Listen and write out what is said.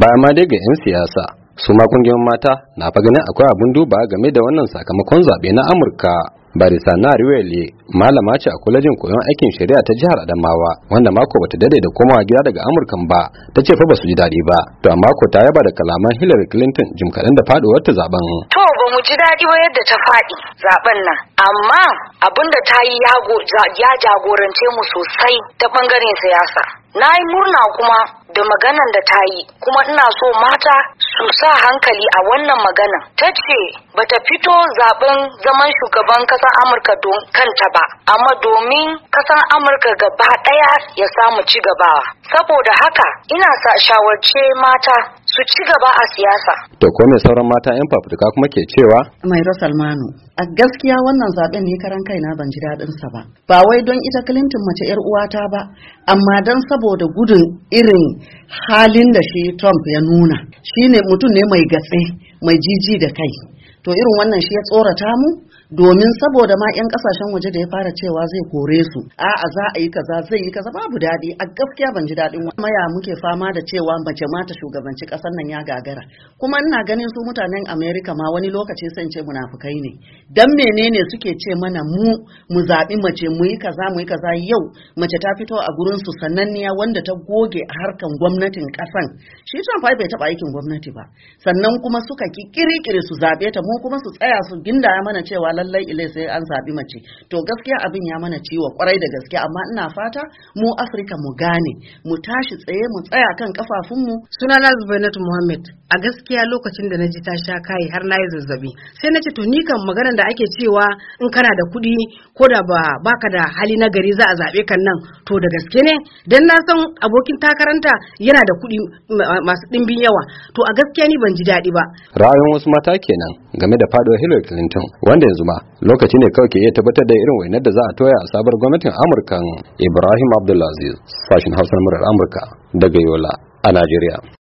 ba ma dai ga 'yan siyasa su ma kungiyoyin mata na fa ganin akwai abin duba game da wannan sakamakon zaɓe na amurka barisa na riwele malama ce a kwalejin koyon aikin shari'a ta jihar adamawa wanda mako bata dade da komawa gida daga amurkan ba ta ce fa basu ji daɗi ba to amma ko ta yaba da kalaman hillary clinton jim kaɗan da faɗuwar ta zaben to ba mu ji daɗi ba yadda ta faɗi zaɓen nan amma abin da ta yi ya jagorance mu sosai ta ɓangaren siyasa na yi murna kuma da maganan da ta yi kuma ina so mata su sa hankali a wannan maganan ta ce ba ta fito zaben zaman shugaban kasar amurka don kanta ba amma domin kasar amurka gaba ɗaya ya samu ci gaba saboda haka ina sa shawarce mata su ci gaba a siyasa. To ko me sauran mata 'yan fafutuka kuma ke cewa? Mai Rosalmanu, a gaskiya wannan zaɓen ne karan kaina ban ji daɗin sa ba. Ba wai don ita Clinton mace 'yar uwata ba, amma don saboda gudun irin halin da shi Trump ya nuna. Shine mutum ne mai gatse, mai jiji da kai. to irin wannan shi ya tsorata mu domin saboda ma 'yan kasashen waje da ya fara cewa zai kore su a'a za a yi kaza zai yi kaza babu daɗi a gaskiya ban ji daɗin wani maya muke fama da cewa mace ma ta shugabanci ƙasar nan ya gagara kuma ina ganin su mutanen america ma wani lokaci sun ce munafukai ne dan menene suke ce mana mu mu zaɓi mace mu yi kaza mu yi kaza yau mace ta fito a gurin su sananniya wanda ta goge a harkan gwamnatin ƙasan shi fa bai taɓa aikin gwamnati ba sannan kuma suka ki su zaɓe ta mu mu kuma su tsaya su ya mana cewa lallai ilai sai an zaɓi mace to gaskiya abin ya mana ciwo kwarai da gaske amma ina fata mu Afirka mu gane mu tashi tsaye mu tsaya kan kafafunmu na Zubainatu Muhammad a gaskiya lokacin da naji ta sha kai har na yi zazzabi sai na ce to ni kan maganar da ake cewa in kana da kuɗi ko da ba baka da hali na gari za a zaɓe kan nan to da gaske ne dan na san abokin takaranta yana da kuɗi masu ɗimbin yawa to a gaskiya ni ban ji daɗi ba ra'ayin wasu mata kenan game da faduwar Hillary Clinton wanda yanzu ma lokaci ne kawai ke iya tabbatar da irin wainar da za a toya a sabar gwamnatin Amurkan. Ibrahim Abdulaziz sashin Hausa murar Amurka daga Yola a Najeriya